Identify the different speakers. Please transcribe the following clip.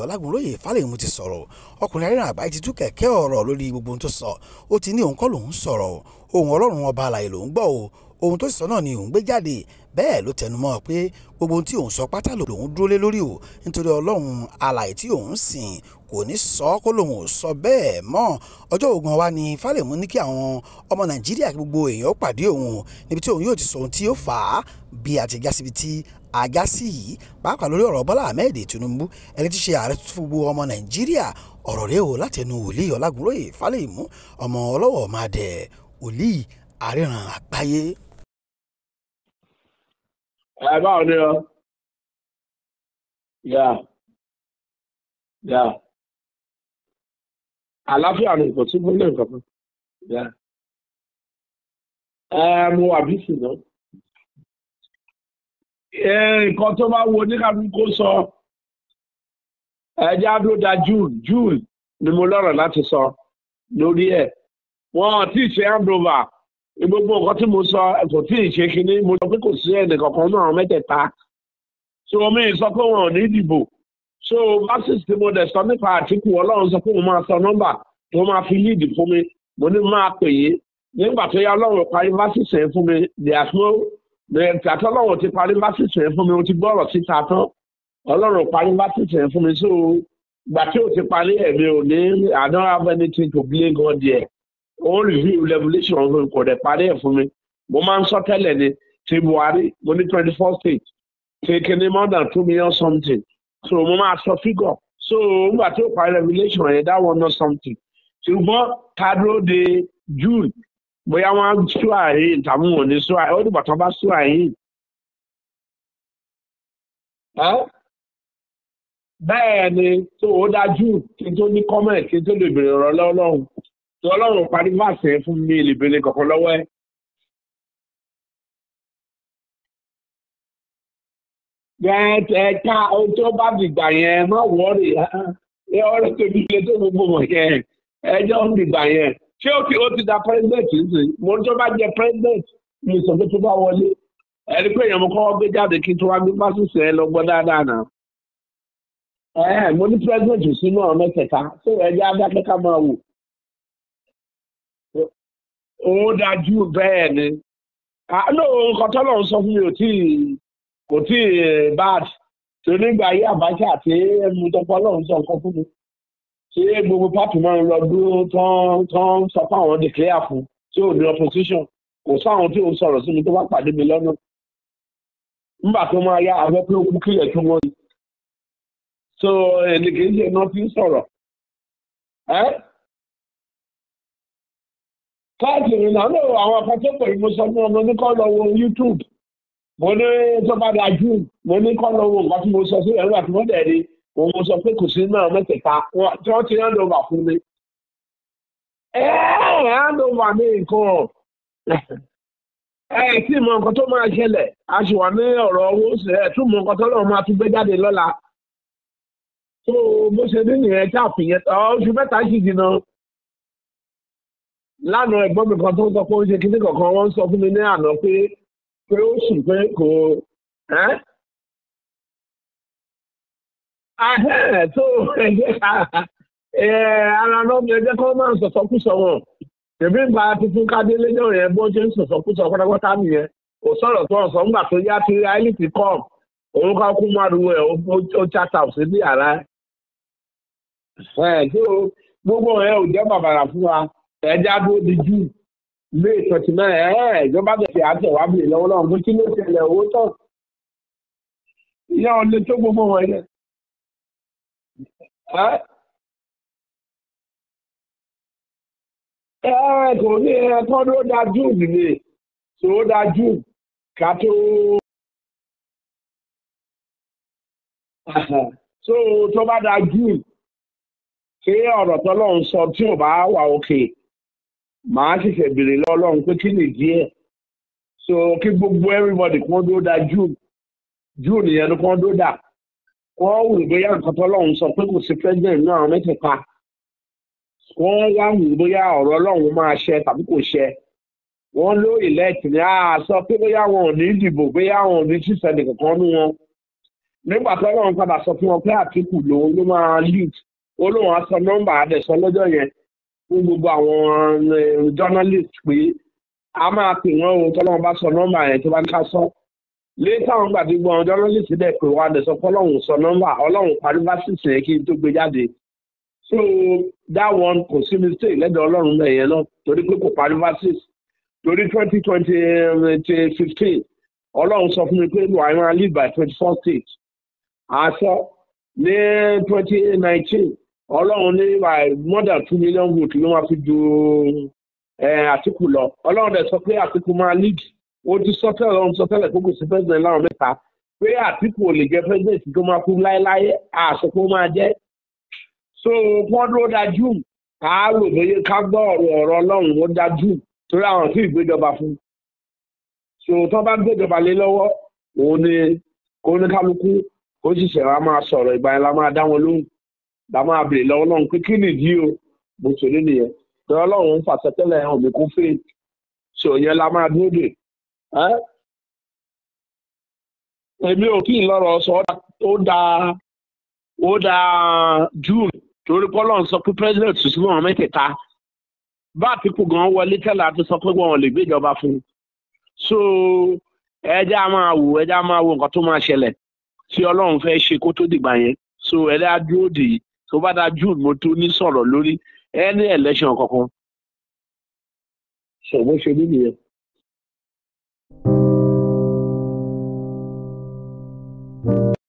Speaker 1: ọ̀dọ̀ alágúnlóye fálẹ́mù ti sọ̀rọ̀ ọkùnrin arìnrìn àgbáyé ti tú kẹ̀kẹ́ ọ̀rọ̀ lórí gbogbo ohun tó sọ ó ti ní òun kọ́ lòun sọ̀rọ̀ òun ọlọ́run ọba àlàyé lòun gbọ́ o ohun tó sì sọ náà ni òun gbé jáde bẹ́ẹ̀ ló tẹnu mọ́ pé gbogbo ohun tí òun sọ pátá lòun dúró lé lórí o nítorí ọlọ́run alàyè tí òun sìn kò ní sọ ọ́ kó lòun ò sọ bẹ́ẹ̀ mọ́ ọjọ́ ògùn wa ni Fálẹ̀mú ní kí àwọn ọmọ Nàìjíríà gbogbo èèyàn pàdé òun níbi tí òun yóò ti sọ ohun tí ó fà á bí àti jásíbi tí ajá sí yìí pàápàá lórí ọ̀rọ̀ Bọ́lá Ahmed Tinubu ẹni tí ṣe ààrẹ fún gbogbo ọmọ Nàìjíríà ọ̀rọ̀ rẹ̀ o látẹnu wòlíì Ọlágúnróyè Fálẹ̀mú ọmọ ọlọ́wọ̀ máa dẹ̀ wòlíì àríran àgbáyé
Speaker 2: ẹ báwo ni Yeah. yà yà àlàáfíà ni kò tún gbólé nǹkan Yeah. yà ẹ mo wà bísí náà
Speaker 1: ẹ nǹkan tó bá wo oníkàbí kó sọ ẹ jẹ́ àdóda june june ni mo lọ́rọ̀ láti sọ lórí ẹ̀ wọ́n ti ṣe handover gbogbo nǹkan tí mo sọ kò tí ì ṣe kinní mo sọ pé kò sí ẹnì kankan náà àwọn mẹ́tẹ̀ẹ̀ta so omi sọ pé wọn ò ní ìdìbò so verses tí mo dẹ̀ sọ nípa àtìkù ọlọ́run sọ pé mo máa sọ nọ́mbà tó máa fi líìdì fún mi mo ní máa pè yé nígbà tó yá ọlọ́run parí verses yẹn fún mi dìàtúrò dìàtúrò ọlọ́run ti parí verses yẹn fún mi mo ti gbọ́ ọ̀rọ̀ síta tán ọlọ́run parí verses yẹn fún mi so gbà tí ti parí ẹ̀mí ò ní I don't have anything to blame God there ó review revolution ọ̀hún kò dẹ̀ parí ẹ̀ fún mi mo máa ń sọ tẹ́lẹ̀ ni ti Buhari mo ní twenty four states ti kìíní more two million something so mo máa sọ figure so nígbà tí ó parí revolution yẹn that one not something ṣùgbọ́n kádúró de June bóyá wọ́n á sú àyìn tàbí wọn ò ní sú àyìn ó dìgbà tó bá sú àyìn.
Speaker 2: bẹ́ẹ̀ ni tó o dájú kí n tó ní comment kí n tó lè bèrè ọ̀rọ̀ lọ́wọ́ tí ọlọ́run parí fàṣẹ fún mi lè béèrè kọ̀ọ̀kan lọ́wọ́ ẹ̀.
Speaker 1: ẹ̀ka ohun tó bá dìgbà yẹn má wọ́ọ̀rì ẹ ọ̀rẹ́ tóbi ilé tó gbogbo mọ̀ yẹn ẹjọ́ ń dìgbà yẹn ṣé ó ti ó ti da pẹ́rẹ́dẹ̀tì nìyí mo tó bá jẹ pẹ́rẹ́dẹ̀tì mi sọ pé tó bá wọlé ẹni pé èèyàn mo kọ́ gbé jáde kí n tó wá gbé pásísì ẹ lọ gbọ́ dáadáa náà mo
Speaker 2: ní pẹ́rẹ́dẹ̀tì sínú ọ̀rọ̀ mẹ́tẹ̀ẹ̀ta ṣé ẹjẹ́ adákẹ́ká máa wò
Speaker 1: òun dájú bẹ́ẹ̀ ni nǹkan tọ́lọ̀ ń sọ fún mi ò tí kò tí e, bad tó nígbà ayé àbáṣà àti ẹnu tọpọ ọlọ́run sọ nǹkan fún mi ṣé gbogbo pàtó máa ń lọ dúró tán tán sọ fún àwọn declare fún tí ò ní opposition kò sáwọn tí ò ń sọ̀rọ̀ sí mi tó bá pàdé mi lọ́nà nígbà tó máa yá abẹ́ pé ó kú kílẹ̀ tó wọ́n yìí
Speaker 2: so èdè kìí ṣe iná fi ń sọ̀rọ̀
Speaker 1: káàkiri làwọn àwọn akẹ́kọ̀ọ́ pẹ̀lú mo sọ fún ọmọ ní kọ́ lọ wo YouTube mo ní tó bá da jù mo ní kọ́ lọ wo nǹkan tí mo sọ sí ẹ̀rọ àti mọ́tẹ̀ ni òun mo sọ pé kò sí náà mẹ́tẹ̀ẹ̀ta tí wọ́n ti hand over fún mi.
Speaker 2: ẹ ẹ hand
Speaker 1: over mi nǹkan ẹ tí mọ nǹkan tó máa ṣẹlẹ̀ a sì wà ní ọ̀rọ̀ owó ṣe ẹ tún mọ nǹkan tó lọ́wọ́ máa tún gbé jáde lọ́la. tó bó ṣe ní nìyẹn táàpì yẹn oṣù mẹ́ta sì dì lánàá ẹ̀gbọ́n mi kan tó ń sọ pé ó ń ṣe kinní kankan wọ́n ń sọ fún mi ní àná pé pé ó sì pé kò
Speaker 2: ẹ́ tó
Speaker 1: ara náà mi ẹgbẹ́ kan máa ń sọ̀sọ́kùsọ wọn èmi ń bá tuntun kádélé náà yẹn bó ṣe ń sọ̀sọ́kùsọ pátápátá nìyẹn kò sọ̀rọ̀ tó ọ̀sán ńgbà tó yá tí áìlì ti kọ́ òun ká kú márùn ẹ̀ ó chata sí ní àrá ẹ̀ tó gbogbo ẹ̀ ò jẹ́ bàbàrà fún wa ẹja tó di jù lé ìtọ́jú náà ẹ̀ ìjọba bẹ̀rẹ̀ àtẹ̀wá bìrì lọ́wọ́ náà mo kí ló ṣẹlẹ̀ owó
Speaker 2: tán ìyá ọ̀lẹ́ tó gbogbo wọn yẹn. ẹ kò ní ẹ̀kọ́ ló da june nìyẹn tó da june ká tó. so tó bá da
Speaker 1: june ṣé ọ̀rọ̀ tọ́lọ́ ń sọ tí ò bá wà òkè. Okay màá ṣẹ̀ṣẹ̀ béèrè lọ́lọ́run pé kí nìdí ẹ̀ so kí gbogbo everybody kan dó da june june yẹn kan dó dà wọ́n wù bóyá nǹkan tọ́lọ́run sọ pé kò sí president náà mẹ́tẹ̀ẹ̀ta wọ́n wá wù bóyá ọ̀rọ̀ ọlọ́run máa ṣẹ tàbí kò ṣẹ wọ́n ló elect ní a sọ pé bóyá wọn ò ní dìbò bóyá wọn ò ní ṣiṣẹ́ nìkankan nú wọn nígbà tọ́lọ́run padà sọ fún wọn pé àtìkù lòun ló máa lead olóhùn aṣọ nọ́mbà àdẹ̀sọ lọ́jọ́ yẹn fún gbogbo àwọn eh, journalist pé a máa pè wọ́n ohun tọ́lọ́run bá sọ nọ́mbà yẹn tó bá ń ká sọ létà àwọn gbàdí gbọ́n àwọn journalist dẹ̀ pé wọ́n á dẹ̀ sọ pé ọlọ́run sọ nọ́mbà ọlọ́run parí fásitì yẹn kí n tó gbé jáde so that one kò sí mistake lẹ́dọ̀ ọlọ́run náà yẹn náà torí pé kò parí fásitì torí twenty twenty eh, fifteen ọlọ́run sọ fún mi pé wàá máa live by twenty four states àṣọ ní twenty nineteen ọlọ́run ní more than two million vote ló máa fi ju àtìkù lọ ọlọ́run dẹ̀ sọ pé àtìkù máa lead ó ti sọ tẹ́lẹ̀ ọ̀hún sọ tẹ́lẹ̀ kókò sí president láwọn mẹ́ta pé àtìkù ò lè jẹ́ president tó máa kú láéláé àsopọ̀ máa jẹ́ so wọ́n dúró dájú ká rò bóyá ká gbọ́ ọ̀rọ̀ ọ̀rọ̀ ọlọ́run ó dájú torí àwọn tí ìgbéjọba fún so tó bá gbéjọba lé lọ́wọ́ òun ni oníkálukú ó sì ṣẹ̀wá máa sọ̀rọ̀ ìgbà yẹn la máa dá wọn lóhùn la máa bèrè lọ́wọ́ náà pé kí nìdí o mo ṣe lé nìyẹn tí ọlọ́run ń fàṣẹ tẹ́lẹ̀ hàn mí kó fèè ṣò yẹn la máa dúró dè èmi ò kí n lọ́rọ̀ sọ ó dáa ó dáa june torí kọ́lọ́n sọ pé president tuntun wọn mẹ́tẹ̀ẹ̀ta bá àtìkù gan wọlé tẹ́lẹ̀ àti sọ pé wọn ò lè gbéjọba fún un so ẹjẹ́ a máa wò ẹjẹ́ a máa wò nǹkan tó máa ṣẹlẹ̀ tí ọlọ́run fẹ́ ṣe kó tó dìgbà yẹn so ẹjẹ́ a dúró dè yìí tó bá da june mo tún ní sọ̀rọ̀ lórí ẹni election kankan ṣòwò ṣe nínú yẹn.